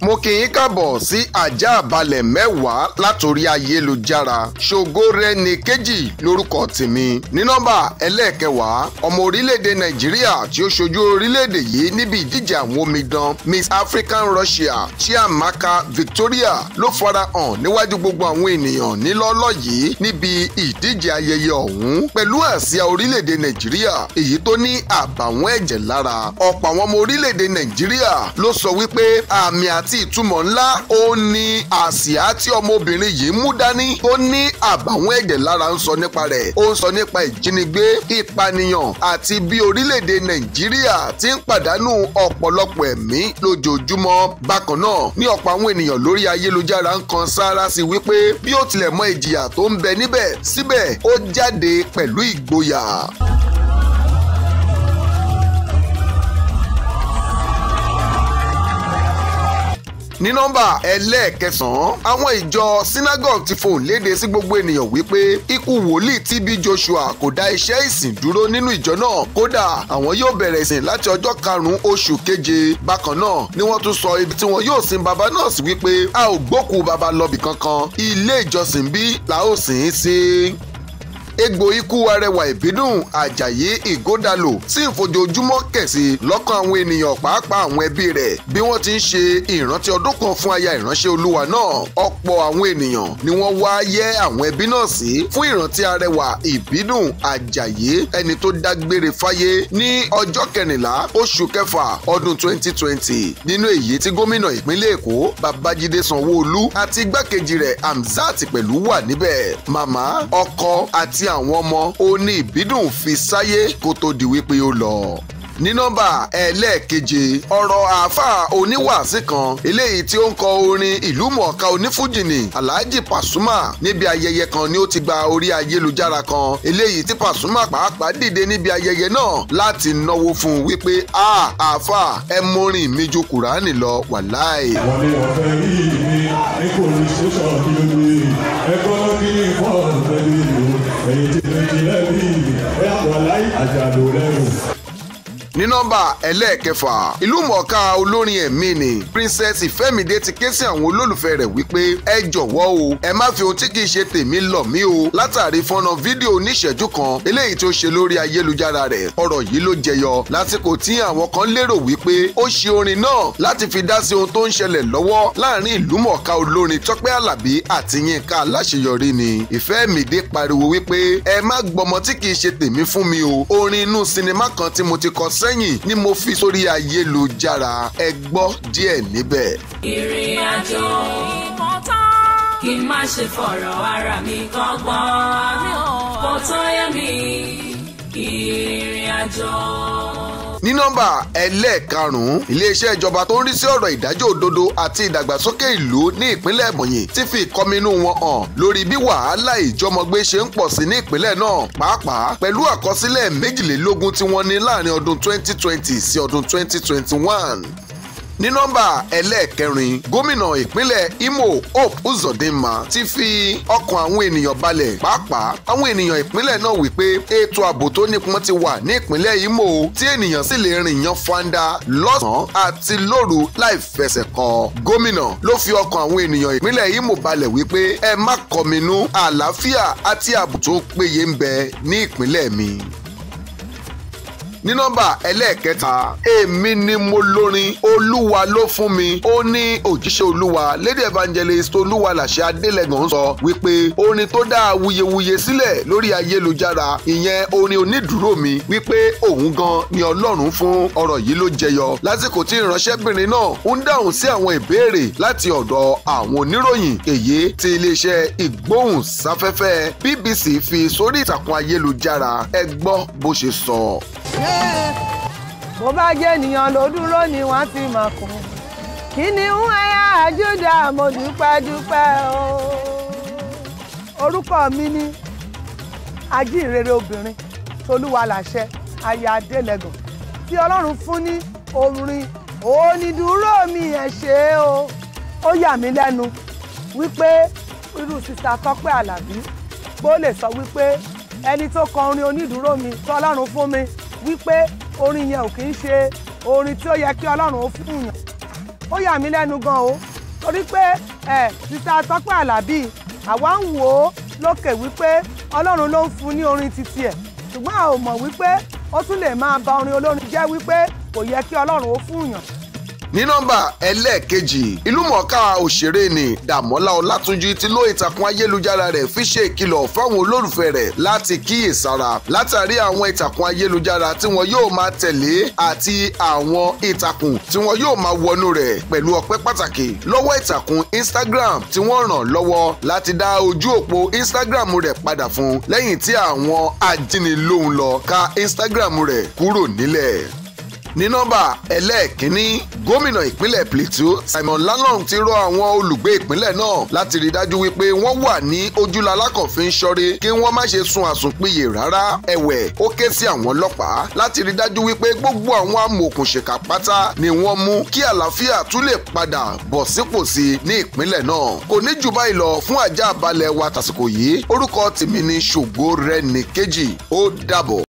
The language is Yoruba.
mo kì í kàbọ̀ sí ajá balẹ̀ mẹ́wàá látòrí ayélujára ṣògo rẹ ní kejì lórúkọ tèmi ní nọ́mbà ẹlẹ́ẹ̀kẹwàá ọmọ orílẹ̀-èdè nàìjíríà tí ó ṣojú orílẹ̀-èdè yìí níbi ìdíje àwọn omidan miss african russia chiamaka victoria ló fara hàn níwájú gbogbo àwọn ènìyàn nílọ́lọ́ yìí níbi ìdíje ayẹyẹ ọ̀hún pẹ̀lú àsíá orílẹ̀-èdè nàìjíríà èyí tó ní àbàwọ́n ẹ̀jẹ̀ lára ọ̀pọ̀ àwọn ọmọ orílẹ̀-èdè nàìjíríà ló àti ìtumọ̀ ńlá òun ni àsíá tí ọmọbìnrin yìí mú dání tó ní àbàwọ́n ẹ̀jẹ̀ lára ń sọ nípa rẹ̀ ó ń sọ nípa ìjínigbé ìpànìyàn àti bí orílẹ̀-èdè nàìjíríà ti ń pàdánù ọ̀pọ̀lọpọ̀ ẹ̀mí lójoojúmọ́ bákan náà ní ọ̀pọ̀ àwọn ènìyàn lórí ayélujára ń kan sáárá sí wípé bí ó tilẹ̀ mọ ìjìyà tó ń bẹ níbẹ̀ síbẹ̀ ó jáde pẹ̀lú ìgboyà. ní nọ́mbà ẹlẹ́ẹ̀kẹsàn-án àwọn ìjọ synagogue ti fohùn léde sí gbogbo ènìyàn wípé ikú wòlíì TB Joshua kò dá iṣẹ́ ìsìn dúró nínú ìjọ náà kódà àwọn yóò bẹ̀rẹ̀ ìsìn láti ọjọ́ karùn-ún oṣù keje bákan náà ni wọ́n tún sọ ibi tí wọn yóò sin baba náà sí wípé a ò gbókùú baba lọ́bì kankan ilé ìjọsìn bí la sìn ín sí egbò ikú arẹwà ìbídùn àjàyí ìgódàlò sì ń fojoojúmọ́ kẹ̀sí lọ́kàn àwọn ènìyàn pàápàá àwọn ẹbí rẹ̀ bí wọ́n ti ń ṣe ìrántí ọdún kan fún aya ìránṣẹ́ olúwa náà ọ̀pọ̀ àwọn ènìyàn ni wọ́n wá yẹ àwọn ẹbí náà sí fún ìrántí arẹwà ìbídùn àjàyí ẹni tó dágbére fáyé ní ọjọ́ kẹrìnlá oṣù kẹfà ọdún 2020 nínú èyí tí gómìnà ìpínlẹ̀ èkó babájídé sanwó-olú àti igbákejì rẹ̀ hamzat pẹ̀lú wà níbẹ̀ màmá ọkọ àwọn ọmọ ó ní ìbídùn fi sáyé kó tó di wípé ó lọ ní nọ́mbà ẹlẹ́ẹ̀keje ọ̀rọ̀ àáfàá oníwàásí kan eléyìí tí ó ń kọ orin ìlú mọ̀ọ́ká onífújì Alhaji Pasuma níbi ayẹyẹ kan ni ó ti gba orí ayélujára kan eléyìí tí Pasuma pàápàá dìde níbi ayẹyẹ náà láti náwó fún un wípé a àáfàá ẹ mọrin mi ju Kùránì lọ wàláì. wọ́n ní wọ́n fẹ́ rí mi ní kò ní ṣe kí ló dé ẹgbọ́n kí ni fọ́ọ̀rọ̀ fẹ́ rí mi èyí tí lè rí lẹ́rìí ìyá wọ́n láyé lẹ́rù ní nọ́mbà ẹlẹ́ẹ̀kẹfà ìlúmọ̀ọ́ká olórin ẹ̀mí ni Princess Ìfẹ́mídé ti ké sí àwọn olólùfẹ́ rẹ̀ wípé ẹ jọ̀wọ́ o ẹ má fi ohun tí kì í ṣe tèmi lọ̀ mí o látàrí fọ́nà fídíò oníṣẹ́jú kan eléyìí tó ṣe lórí ayélujára rẹ̀ ọ̀rọ̀ yìí ló jẹyọ lásìkò tí àwọn kan lérò wípé ó ṣe orin náà láti fi dá sí ohun tó ń ṣẹlẹ̀ lọ́wọ́ láàrin ìlúmọ̀ọ́ká olórin Tọ́pẹ́ Àlàbí àti Yínká Aláṣeyọrí ni Ìfẹ́mídé pariwo wípé ẹ má gbọ́mọ tí kì í ṣe tèmi fún mi o orin inú sinimá kan tí mo ti kọ sẹ́ sẹ́yìn ni mo fi sórí ayélujára ẹ gbọ́ díẹ̀ níbẹ̀. ìrìn àjò kí n má ṣe fọ̀rọ̀ ara mi kọ́gbọ́n kò tó yẹ mi ìrìn àjò ní nọ́mbà ẹlẹ́ẹ̀karùn-ún iléeṣẹ́ ìjọba tó ń rí sí ọ̀rọ̀ ìdájọ́ òdodo àti ìdàgbàsókè ìlú ní ìpínlẹ̀ Ebonyi ti fi ìkọminú wọn hàn lórí bí wàhálà ìjọmọgbé ṣe ń pọ̀ sí ní ìpínlẹ̀ náà pàápàá pẹ̀lú àkọsílẹ̀ méjìlélógún tí wọ́n ní láàrin ọdún 2020 sí ọdún 2021 ní nọ́mbà ẹlẹ́ẹ̀kẹrin gómìnà ìpínlẹ̀ Imo Hope Uzodinma ti fi ọkàn àwọn ènìyàn balẹ̀ pàápàá àwọn ènìyàn ìpínlẹ̀ náà wípé ètò ààbò tó nípọn ti wà ní ìpínlẹ̀ Imo tí ènìyàn sì lè rìn yan fanda lọ́sàn-án àti lóru láì fẹsẹ̀ kọ gómìnà ló fi ọkàn àwọn ènìyàn ìpínlẹ̀ Imo balẹ̀ wípé ẹ má kọminú àlàáfíà àti ààbò tó péye ń bẹ ní ìpínlẹ̀ mi ní nọ́mbà ẹlẹ́ẹ̀kẹta èmi ni mo lórin olúwa ló fún mi ó ní òjíṣẹ́ olúwa lady evangelist olúwa làṣẹ adélẹ́gàn sọ wípé orin tó dá wuyewuye sílẹ̀ lórí ayélujára ìyẹn orin onídùúró mi wípé òun gan ni ọlọ́run fún ọ̀rọ̀ yìí ló jẹyọ lásìkò tí ìránṣẹ́bìnrin náà ń dáhùn sí àwọn ìbéèrè láti ọ̀dọ̀ àwọn oníròyìn èyí tí iléeṣẹ́ ìgbóhùnsáfẹ́fẹ́ BBC fi sórí ìtàkùn ayélujára ẹ gbọ́ bó ṣe sọ bó bá jẹ́ ènìyàn ló dúró ni wọ́n ti mọ̀ kún kìnìún ẹ̀yà àjúdà mo dúpẹ́ dúpẹ́ o orúkọ mi ni ajínrere obìnrin tolúwa làṣẹ aya adélẹ́gàn tí ọlọ́run fún ní orin onídùúró mi ẹ̀ ṣe o ó yà mí lẹ́nu wípé irú sista Tọ́pẹ́ Àlàbí bó lè sọ wípé ẹni tó kọ orin onídùúró mi tọ́lọ́run fún mi wípé orin yẹn ò kì í ṣe orin tí ó yẹ kí ọlọ́run ó fún yàn ó yà mí lẹ́nu gan o torí pé ẹ títa tọ́pẹ́ àlàbí àwa ń wò ó lókè wípé ọlọ́run ló ń fún ní orin titi ẹ̀ ṣùgbọ́n a ò mọ̀ wípé ó tún lè máa ba orin olórin jẹ́ wípé kò yẹ kí ọlọ́run ó fún yàn ní nọ́mbà ẹlẹ́ẹ̀kejì ìlúmọ̀ọ́ká òṣèré ni Dàmọ́lá Ọlátúnjí ti ló ìtàkùn ayélujára rẹ̀ fi ṣe ìkìlọ̀ fáwọn olólùfẹ́ rẹ̀ láti kíyèsára látàrí àwọn ìtàkùn ayélujára tí wọn yóò máa tẹ̀lé àti àwọn ìtàkùn tí wọn yóò máa wọnú rẹ̀ pẹ̀lú ọpẹ́ pàtàkì lọ́wọ́ ìtàkùn Instagram tí wọ́n ràn lọ́wọ́ láti dá ojú òpó Instagram rẹ̀ padà fún lẹ́yìn tí àwọn ajíniglóhùn lọ ka Instagram rẹ̀ kúrò nílẹ̀ ní nọ́mbà ẹlẹ́ẹ̀kínní gómìnà ìpínlẹ̀ Plateau Simon Lalong ti rọ àwọn olùgbé ìpínlẹ̀ náà láti rí dájú wípé wọ́n wà ní ojúlá alákọ̀ọ́fín ṣọ́re kí wọ́n má ṣe sun àsùnpìyè rárá ẹ̀wẹ̀ ó ké sí àwọn ọlọ́pàá láti rí dájú wípé gbogbo àwọn amòòkùnṣèkà pátá ni wọ́n mú kí àlàáfíà tún lè padà bọ̀ sípò sí ní ìpínlẹ̀ náà kò ní jù báyìí lọ fún àjààbálẹ̀ wa tàsìkò yìí orúkọ tèmi ni ṣògo rẹ̀ ní kejì ó dàbọ̀.